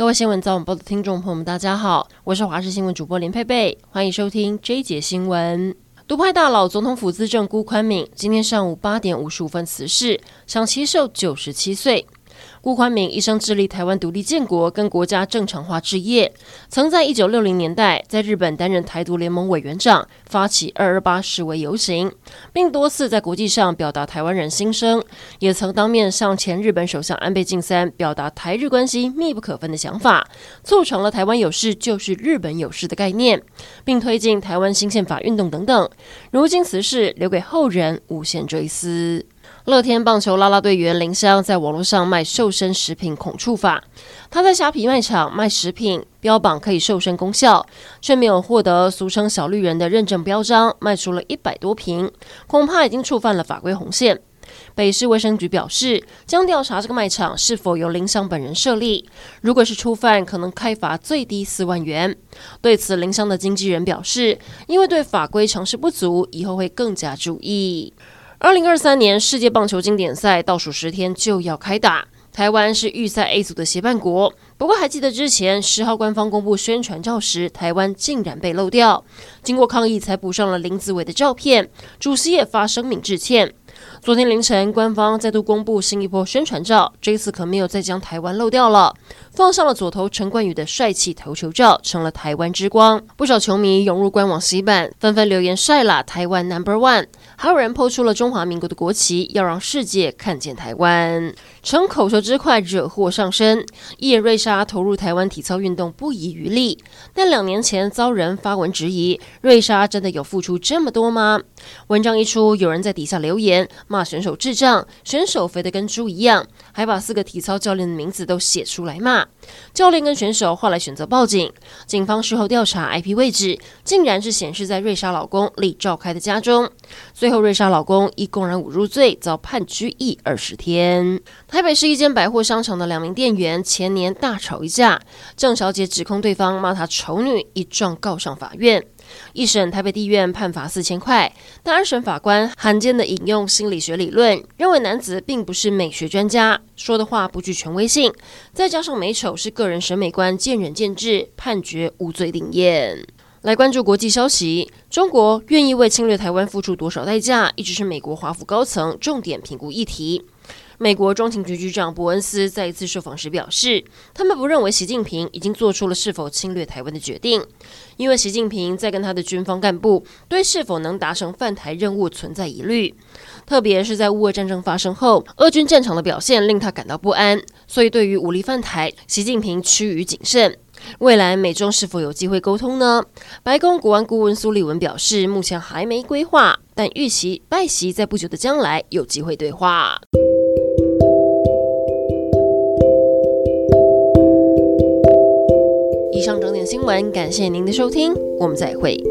各位新聞早晚報的聽眾朋友們，大家好，我是華視新聞主播林佩佩，歡迎收聽 J 姐新聞。獨派大老總統府資政辜寬敏今天上午八點五十五分辭世，享耆壽九十七歲。顧寬敏一生致力台灣獨立建國跟國家正常化置業，曾在1960年代在日本擔任台獨聯盟委員長，發起228示威遊行，並多次在國際上表達台灣人心聲，也曾當面向前日本首相安倍晉三表達台日關係密不可分的想法，促成了台灣有事就是日本有事的概念，並推進台灣新憲法運動等等。如今此事留給後人無限追思。樂天棒球啦啦隊員林襄在網絡上賣瘦身食品，恐觸法。他在蝦皮賣場賣食品，標榜可以瘦身功效，卻沒有獲得俗稱“小綠人”的認證標章，賣出了一百多瓶，恐怕已經觸犯了法規紅線。北市衛生局表示，將調查這個賣場是否由林襄本人設立。如果是初犯，可能開罰最低四萬元。對此，林襄的經紀人表示，因為對法規常識不足，以後會更加注意。二零二三年世界棒球經典賽倒數十天就要開打，台灣是預賽 A 組的協辦國。不過，還記得之前十號官方公布宣傳照時，台灣竟然被漏掉，經過抗議才補上了林子偉的照片。主席也發聲明致歉。昨天凌晨，官方再度公布新一波宣傳照，這次可沒有再將台灣漏掉了，放上了左投陳冠宇的帥氣投球照，成了台灣之光。不少球迷湧入官網洗版，紛紛留言帥啦，台灣 Number One，還有人拋出了中華民國的國旗，要讓世界看見台灣。逞口舌之快，惹禍上身。藝人瑞莎投入台灣體操運動不遺餘力，但兩年前遭人發文質疑，瑞莎真的有付出這麼多嗎？文章一出，有人在底下留言。罵選手智障，選手肥得跟豬一樣，還把四個體操教練的名字都寫出來罵。教練跟選手後來選擇報警，警方事後調查 IP 位置，竟然是顯示在瑞莎老公李兆開的家中。最後，瑞莎老公以公然侮辱罪遭判拘役二十天。台北市一間百貨商場的兩名店員前年大吵一架，鄭小姐指控對方罵她醜女，一狀告上法院。一審台北地院判罰四千塊，但二審法官罕見地引用心理學理論，認為男子並不是美學專家，說的話不具權威性。再加上美醜是個人審美觀，見仁見智，判決無罪定讞。來關注國際消息，中國願意為侵略台灣付出多少代價，一直是美國華府高層重點評估議題。美國中情局局長伯恩斯在一次受訪時表示，他們不認為習近平已經做出了是否侵略台灣的決定，因為習近平在跟他的軍方幹部對是否能達成“犯台”任務存在疑慮，特別是在烏俄戰爭發生後，俄軍戰場的表現令他感到不安，所以對於武力“犯台”，習近平趨於謹慎。未來美中是否有機會溝通呢？白宮國安顧問蘇利文表示，目前還沒規劃，但預期拜習在不久的將來有機會對話。以上整點新聞，感謝您的收聽，我們再會。